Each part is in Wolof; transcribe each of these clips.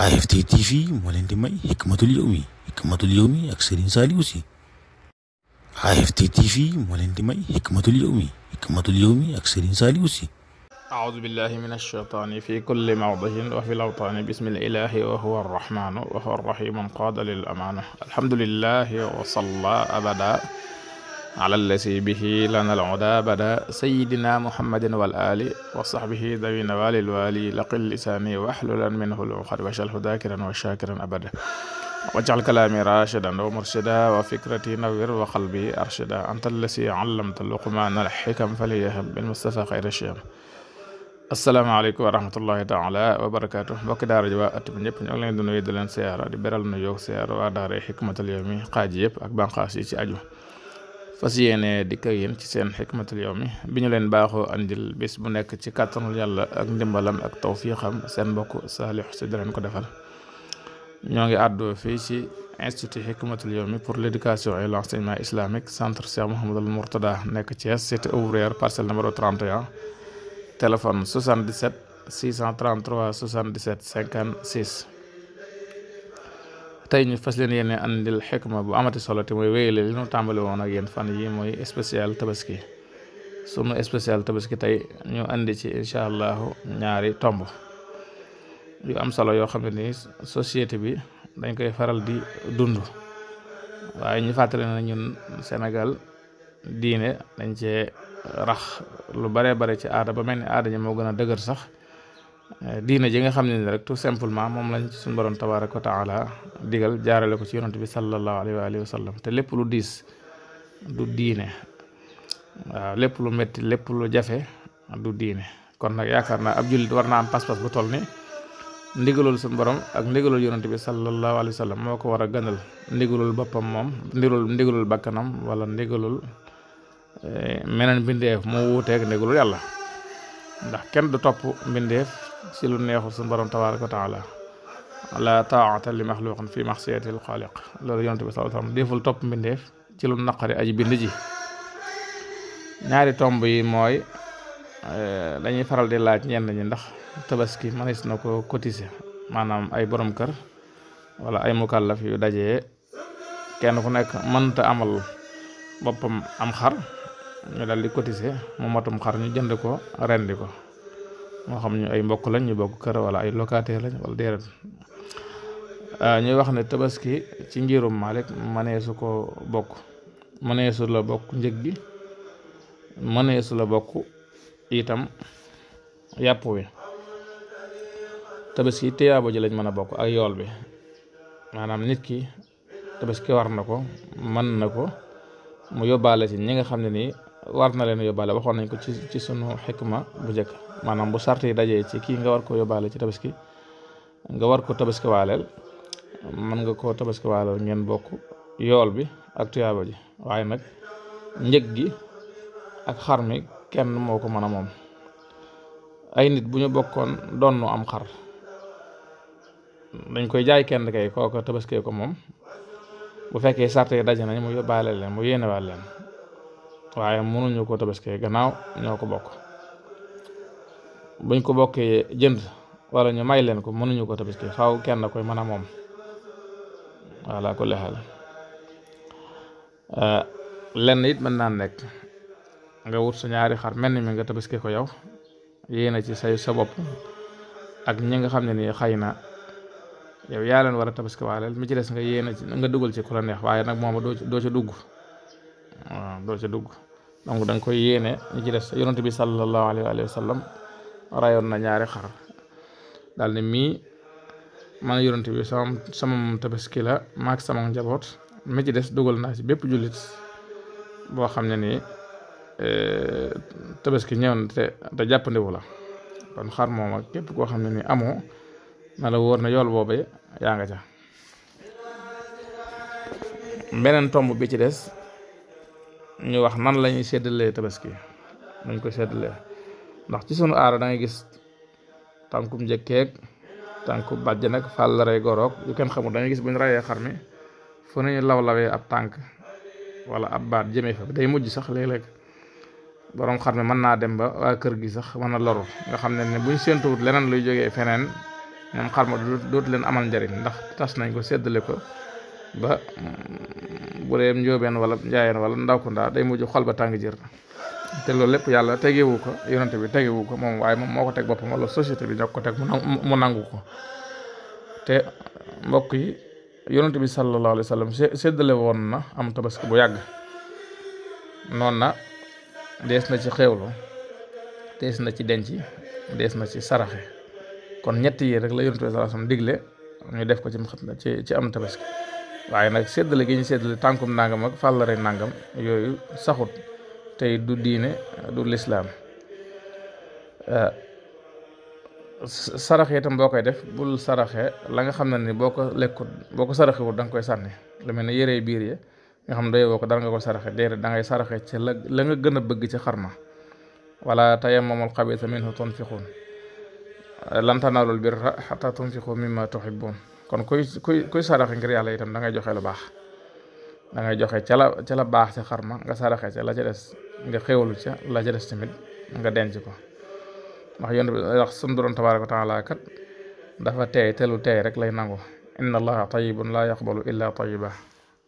AFT TV moo leen di may Hikmatul Yawmi Hikmatul Yawmi ak Serigne Saliou Sy AFT TV moo leen di may Hikmatul Yawmi Hikmatul Yawmi ak Serigne Saliou Sy alallasi bihi lana alhuda bada sayidina muhammadin wal ali wa sahbihi dawina walil wali laqil lisani waxlulan minhu luqad wacalhu dakiran wa shakiran abada wajcal kalaami rashidan wa murshida wa fikrati nawir wa qalbi arshida anta allasi allamta luqmana alxikam faliyaham bilmustafa xayra shiyam asalaamaaleykum wa rahmatullahi taala wa barakaatu mbokki daara ji waa at bi ñëpp ñoo ngi leen di nuyu di leen siyaara di beral nu yoog siyaara waa daara xikmatul yawmi xaaj yëpp ak banqaas yi ci aju fas yéene di ko yéen ci seen xikmatul mi bi ñu leen baaxoo andil bis bu nekk ci kàttanul yàlla ak ndimbalam ak tawfiixam seen mbokk Saliou Sy di leen ko defal ñoo ngi àddoo fii ci institut xikmatul yawmi pour l'éducation et l'enseignement islamique centre Cheikh Mouhamadul Mourtada nekk Thiès cité ouvrière parcelle numéro 31 téléphone 77 633 77 56 tey ñu fas leen yéene andil xikma bu amati solo te mooy wéyale li ñu tàmbali woon ak yéen fan yi mooy spécial tabaski sunu spécial tabaski tey ñu indi ci incha allahu ñaari tomb yu am solo yoo xam ni société bi dañ koy faral di dund waaye ñu fàttali na ñun Sénégal diine dañ cee rax lu bare bare ci aada ba mel ni aada ñi moo gën a dëgër sax Eh, diina ji nga xam ne ni rek tout simplement moom lañ ci suñu borom tabaaraka wa taala digal jaarale ko si yonent bi sallallahu alayhi wa alihi wa sallam te lépp lu diis du diine waaw lépp lu metti lépp lu jafe du diine kon nag yaakaar naa ab jullit war naa am pas-pas bu toll ni ndigalul suñu borom ak ndigalul yonent bi sallallahu alayhi wa sallam moo ko war a gënal ndigalul boppam moom ndigalul ndigalul bakkanam wala ndigalul eh, meneen mbindeef moo wuuteeg ndigalul yàlla ndax kenn ci lu neexul suñu borom tabaaraka wa taala la taata li maxluqin fi maxsiyatil xaaliq loolu yonent bi sallallahu alayhi wa sallam deful topp mbindeef ci lu naqari aji bind ji ñaari tomb yi mooy eh, dañuy faral di laaj ñenn ñi ndax tabaski mënees na ko cotiser maanaam ay borom kër wala ay mukallaf yu dajee kenn ku nekk mënta amal boppam am xar dal di cotiser mu xar ñu jënd ko rendi ko moo xam ñu ay mbokk lañ ñu bokk kër wala ay locataire lañ wala déedéet ah, ñuy wax ne tabaski ci njirum Malik mëneesu ko bokk mëneesu la bokk njëg gi mëneesu la bokk itam yàpp wi tabaski tiyaabo ji lañ mën a bokk ak yool bi maanaam nit ki tabaski war na ko mën na ko mu yóbbaale ci ñi nga xam ne nii war na leen yóbbaale waxoon nañ ko ci ci sunu ma bu njëkk maanaam bu sart yi dajee ci kii nga war ko yóbbaale ci tabaski nga war ko tabaski waaleel mën nga koo tabaski waaleel ngeen bokk yool bi ak tuyaaba ji waaye nag njëg gi ak xar mi kenn moo ko mën a moom ay nit bu ñu bokkoon doon nu am xar dañ koy jaay kenn kay kooko tabaskee ko moom bu fekkee sart yi daje nañ mu yóbbaale leen mu yéenewaal leen waaye mënuñu koo tabaskee gannaaw ñoo ko bokk buñ ko bokkee jënd wala ñu may leen ko mënuñu ko tabaskee faaw kenn koy mën a moom wala ko lexal eh, lenn it mën naa nekk nga wut sa ñaari xar mel ni mi nga tabiskee ko yow yéena ci say sa bopp ak ñi nga xam ne nii xay na yow yaa leen war a tabaski waaleel mi ci des nga yéena ci nga dugal ci ku la neex waaye nag moom doo ci doo ci dugg waaw doo ca dugg donc da nga koy yéene ñi ci des yonent bi sallallahu alayhi wa sallam rayoon na ñaari xar daal ne mii man yonent bi sama sama tabaski la maak sama njaboot mi ci des dugal naa ci bépp jullit boo xam ne ni nii e, tabaski ñëw na te jàpp jàppandiwu la kon xar moom ak képp koo xam ne nii amoo na la wóor na yool boobu yaa nga ca beneen tomb bi ci des ñu wax nan la ñuy séddalee tabaski nañ ko séddalee ndax ci sunu aara dangay gis tànkum njëkkeeg tànku bàjj nag fàll rey goroog yu kenn xamul da ngay gis buñ rayee xar mi fu nañu law-lawee ab tànk wala ab baat jëmee fa day mujj sax léeg-léeg boroom xar mi mën naa dem ba waa kër gi sax mën na loru nga xam ne ne buñ séentuwut leneen luy jógee feneen ñoom xar ma dootu leen amal njariñ ndax tas nañ ko séddale ko ba bu dee njóobeen wala njaayeen wala ndaw ko ndaa day mujj xol ba tàng jër te loolu lépp yàlla tegewu ko yonente bi tegewu ko moom waaye moom moo ko teg boppam wala société bi ñoo ko teg mu nangu ko te mbokk yi yonente bi sallallahu alayhi wa sallam séddale woon na am tabaski bu yàgg noonu na dees na ci xewlu dees na ci denc dees na ci saraxe kon ñetti yi rek la yonente bi sallallahu alayhi wa sallam digle ñu def ko ci ci ci am tabaski waaye nag séddale gi ñu séddale tànkum nangam ak fàllare nangam yooyu saxut tey du diine du lislaam eh, saraxe itam boo koy def bul saraxe la nga xam ne ni boo ko lekkut boo ko saraxewut da nga koy sànni lu mel ne yëree biir ya nga xam doy woo ko dara nga ko saraxe déedéet da ngay saraxe ci la la nga gën a bëgg ci xarma wala tayammamul xabisa minhu tunfiqun eh, lan tanaalul birra xata tunfiqu mimma tuhibbun kon kuy kuy kuy saraxe ngir yàlla itam da ngay joxe lu baax da ngay joxe ca la ca la baax ca ma nga saraxe ca la ca des nga xéwalu ca la ca des tamit nga denc ko ndax yonent bi wax sunu borom tabaaraka wa taala kat dafa teey te lu teey rek lay nangu inna allaha tayyibun laa yaqbalu illa tayyiba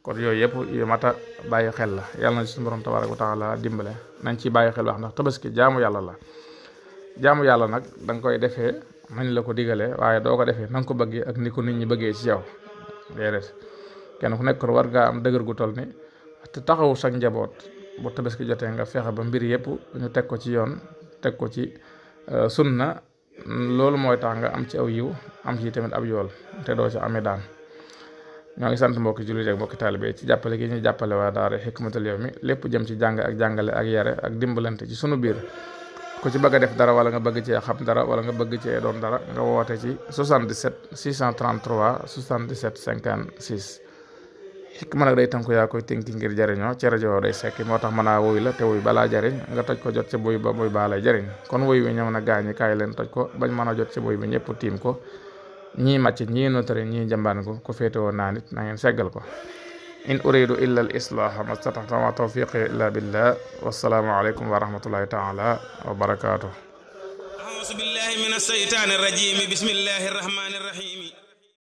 kon yooyu yëpp yu mat a bàyyi xel la yàlla na sunu borom tabaaraka wa taala dimbale nañ ci bàyyi xel wax ndax tabaski jaamu yàlla la jaamu yàlla nag danga koy defee nañ la ko digalee waaye doo ko defee na nga ko bëggee ak ni ko nit ñi bëggee ci yow déedéet kenn ku nekk kon war ngaa am dëgër gu toll ni te taxawu sa njaboot bu ko jotee nga fexe ba mbir yëpp ñu teg ko ci yoon teg ko ci euh, sunna loolu mooy tax nga am ci aw yiw am ci tamit ab yool te doo ci amee daan ñoo ngi sant mbokki jullit ak mbokki taalibe ci jàppale gi ñu jàppale waa daara Hikmatul mi lépp jëm ci jàng ak jàngale ak yare ak dimbalante ci sunu biir ku ci bëgg def dara wala nga bëgg cee xam dara wala nga bëgg cee doon dara nga woote ci 77 633 77 56. xikma nag day tënku yaa koy tënki ngir jariñoo ci rajo day sekki moo tax mën a woy la te woy balaa jariñ nga toj ko jot ci boy ba boy baa lay jariñ kon woy wi ñëw na gaañi kaay leen toj ko bañ mën a jot ci boy bi ñëpp tiim ko ñii màcc ñii notari ñii jàmbaan ko ko féete woon naa nit na seggal ko in uridu illa al islaaha mastataxta ma tawfiqi illa billah wassalaamu aleykum wa rahmatullahi taala wa barakatuh ausu billahi min asheytaani rajim bismillahi rahmani rahim